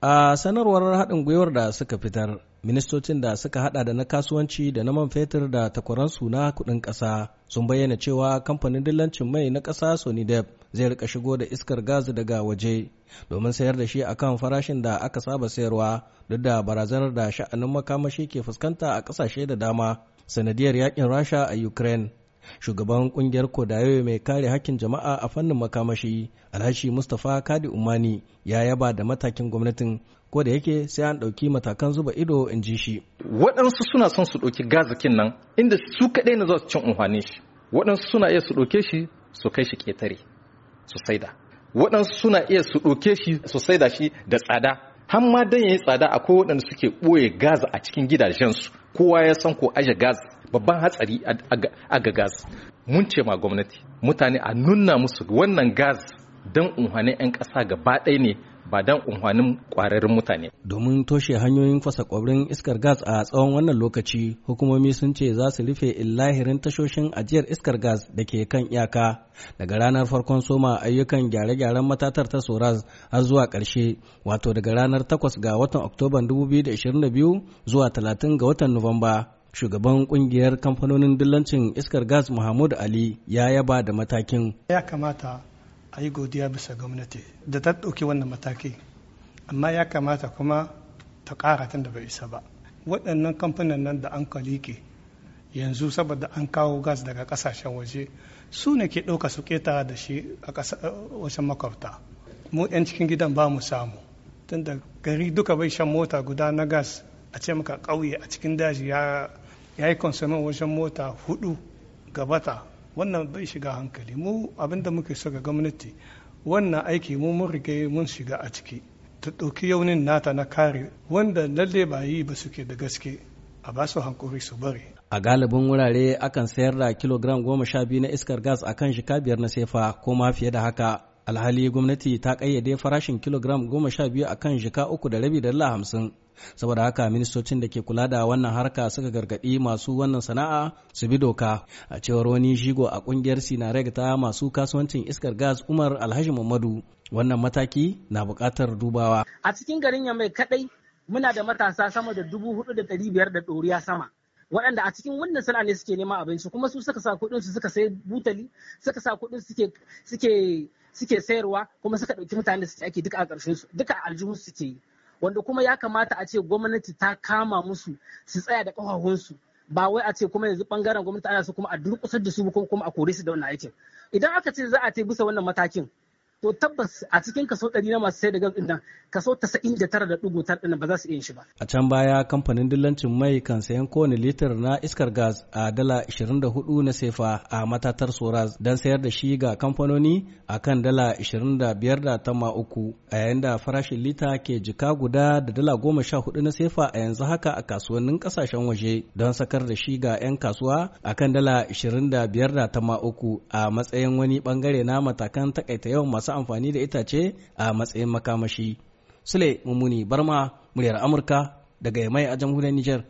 A sanarwar haɗin gwiwar da suka fitar, ministocin da suka hada da na kasuwanci da na man fetur da takwaransu na kuɗin ƙasa sun bayyana cewa kamfanin dillancin mai na ƙasa Sonidep zai rika shigo da iskar gas daga waje domin sayar da shi akan farashin da aka saba sayarwa duk da barazanar da sha'anin makamashi ke fuskanta a ƙasashe da dama sanadiyar yakin Rasha a Ukraine. shugaban kungiyar kodayo mai kare hakkin jama'a a fannin makamashi alhashi mustapha kadi umani ya yaba da matakin gwamnatin ko da yake sai an ɗauki matakan zuba ido in ji shi waɗansu suna son su ɗauki gazakin nan inda su kaɗai na za su cin unhwane shi waɗansu suna iya su ɗauke shi su kai shi ƙetare su saida waɗansu suna iya su ɗauke shi su saida shi da tsada har ma dan yayi tsada akwai waɗanda suke ɓoye gas a cikin gidajensu kowa ya san ko aje gas babban hatsari a ga gas mun ce ma gwamnati mutane a nuna musu wannan gas don unhwanin 'yan ƙasa gaba ɗaya ne ba don unhwanin ƙwararrun mutane. Domin toshe hanyoyin fasa ƙwabrin iskar gas a tsawon wannan lokaci, hukumomi sun ce za su rufe illahirin tashoshin ajiyar iskar gas da ke kan iyaka daga ranar farkon soma ayyukan gyare-gyaren matatar ta Soraz har zuwa ƙarshe, wato daga ranar 8 ga watan Oktoban 2022 zuwa 30 ga watan Nuwamba. shugaban kungiyar kamfanonin dillancin iskar gas muhammadu ali ya yaba da matakin ya kamata a yi godiya bisa gwamnati da ta ɗauki wannan mataki amma ya kamata kuma ta ƙara tun da bai isa ba waɗannan kamfanin nan da an kalike yanzu saboda an kawo gas daga ƙasashen waje su ne ke ɗauka su keta da shi a wajen makwabta mu 'yan cikin gidan ba mu samu tun da gari duka bai shan mota guda na gas a ce maka ƙauye a cikin daji ya yi konsumin wajen mota hudu gabata wannan bai shiga hankali mu abinda muke so ga gwamnati wannan aiki mu mun rige mun shiga a ciki ta ɗauki yaunin nata na kare wanda lalle ba yi ba suke da gaske a ba su hankuri su bari a galibin wurare akan sayar da kilogram goma sha biyu na iskar gas akan shika biyar na sefa ko ma fiye da haka alhali gwamnati ta kayyade farashin kilogram goma sha biyu akan jika uku da rabi dala hamsin saboda haka ministocin da ke kula da wannan harka suka gargaɗi masu wannan sana'a su bi doka a cewar wani shigo a kungiyar sinareg ta masu kasuwancin iskar gas umar alhaji mamadu wannan mataki na bukatar dubawa a cikin garin yamai kadai muna da matasa sama da dubu hudu da ɗari biyar da ɗoriya sama waɗanda a cikin wannan sana'a ne suke neman abinci kuma su suka sa kuɗin su suka sai butali suka sa kuɗin suke suke suke sayarwa kuma suka ɗauki mutane da suke ake duka a ƙarshen su duka a aljihun suke yi wanda kuma ya kamata a ce gwamnati ta kama musu su tsaya da ƙafafunsu ba wai a ce kuma yanzu bangaren gwamnati ana so kuma a durƙusar da su kuma a kore su da wannan aikin idan aka ce za a ta bisa wannan matakin to tabbas a cikin kaso 100 na masu sai da gas nan kaso tara ɗin ba za su iya shi ba. A can baya kamfanin dillancin mai kan sayan kowane litar na iskar gas a dala 24 na sefa a matatar Soraz don sayar da shi ga kamfanoni a kan dala uku a yayin da farashin lita ke jika guda da dala 14 na sefa a yanzu haka a kasuwannin kasashen waje don sakar da shi ga 'yan kasuwa a kan dala uku a matsayin wani bangare na matakan takaita yawan masu masu amfani da itace a matsayin makamashi. Sule Mummuni Barma, muryar Amurka daga Yamai a jamhuriyar Nijar.